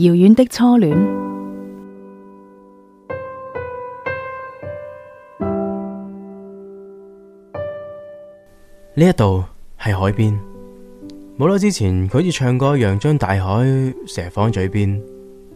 遙遠的初戀。呢一度係海邊，冇耐之前佢好似唱歌一樣，將大海蛇放喺嘴邊。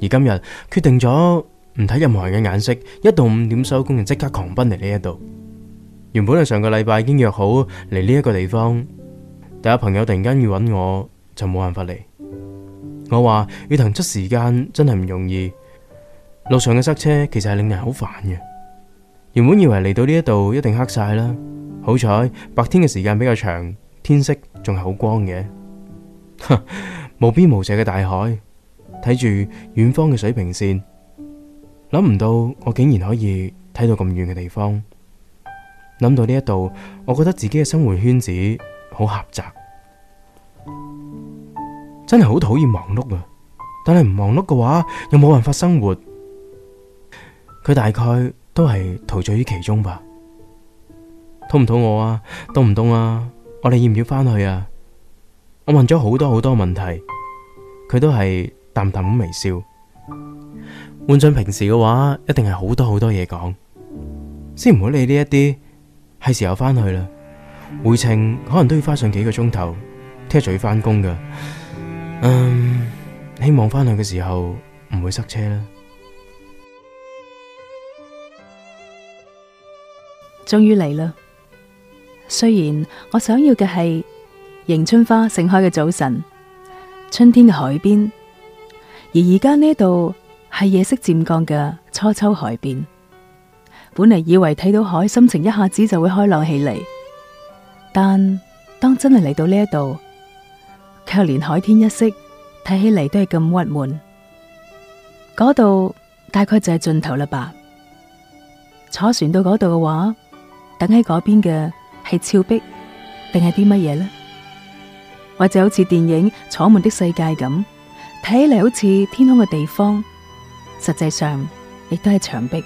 而今日決定咗唔睇任何人嘅眼色，一到五點收工就即刻狂奔嚟呢一度。原本係上個禮拜已經約好嚟呢一個地方，但有朋友突然間要搵我就冇辦法嚟。我話要騰出時間真係唔容易，路上嘅塞車其實係令人好煩嘅。原本以為嚟到呢一度一定黑晒啦，好彩白天嘅時間比較長，天色仲係好光嘅。無邊無際嘅大海，睇住遠方嘅水平線，諗唔到我竟然可以睇到咁遠嘅地方。諗到呢一度，我覺得自己嘅生活圈子好狹窄。真係好討厭忙碌啊！但係唔忙碌嘅話又冇辦法生活。佢大概都係陶醉於其中吧？肚唔肚餓啊？凍唔凍啊？我哋要唔要翻去啊？我問咗好多好多問題，佢都係淡淡咁微笑。換上平時嘅話，一定係好多好多嘢講。先唔好理呢一啲，係時候翻去啦。回程可能都要花上幾個鐘頭，聽日仲要翻工噶。嗯，um, 希望翻去嘅時候唔會塞車啦。終於嚟啦！雖然我想要嘅係迎春花盛開嘅早晨，春天嘅海邊，而而家呢度係夜色漸降嘅初秋海邊。本嚟以為睇到海，心情一下子就會開朗起嚟，但當真係嚟到呢一度，卻連海天一色，睇起嚟都係咁鬱悶。嗰度大概就係盡頭啦吧？坐船到嗰度嘅話，等喺嗰邊嘅係峭壁，定係啲乜嘢呢？或者好似電影《楚門的世界》咁，睇起嚟好似天空嘅地方，實際上亦都係牆壁。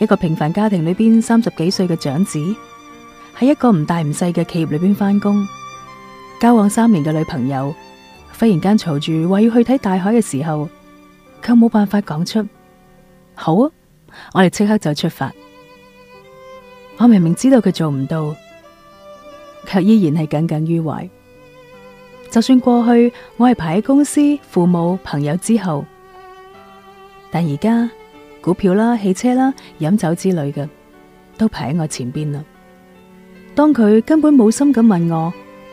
一個平凡家庭裏邊，三十幾歲嘅長子喺一個唔大唔細嘅企業裏邊返工。交往三年嘅女朋友，忽然間嘈住話要去睇大海嘅時候，佢冇辦法講出：好啊，我哋即刻就出發。我明明知道佢做唔到，卻依然係耿耿於懷。就算過去我係排喺公司、父母、朋友之後，但而家股票啦、汽車啦、飲酒之類嘅都排喺我前邊啦。當佢根本冇心咁問我。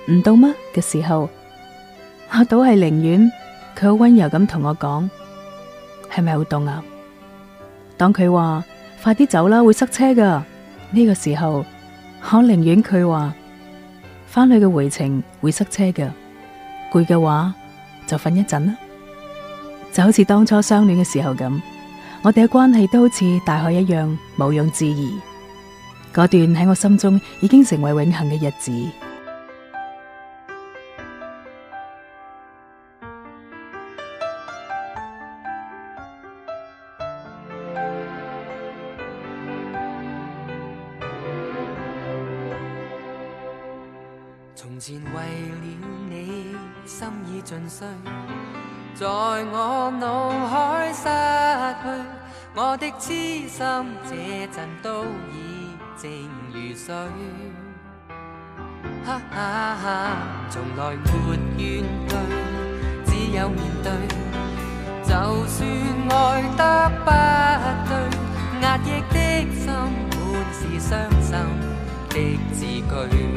唔到嗎？嘅時候，我倒係寧願佢好溫柔咁同我講，係咪好凍啊？當佢話快啲走啦，會塞車噶。呢個時候，我寧願佢話翻去嘅回程會塞車嘅，攰嘅話就瞓一陣啦。就好似當初相戀嘅時候咁，我哋嘅關係都好似大海一樣，毋庸置疑。嗰段喺我心中已經成為永恆嘅日子。從前為了你，心已盡碎，在我腦海失去我的痴心，這陣都已靜如水。哈，哈！從來沒怨懟，只有面對，就算愛得不對，壓抑的心滿是傷心的字句。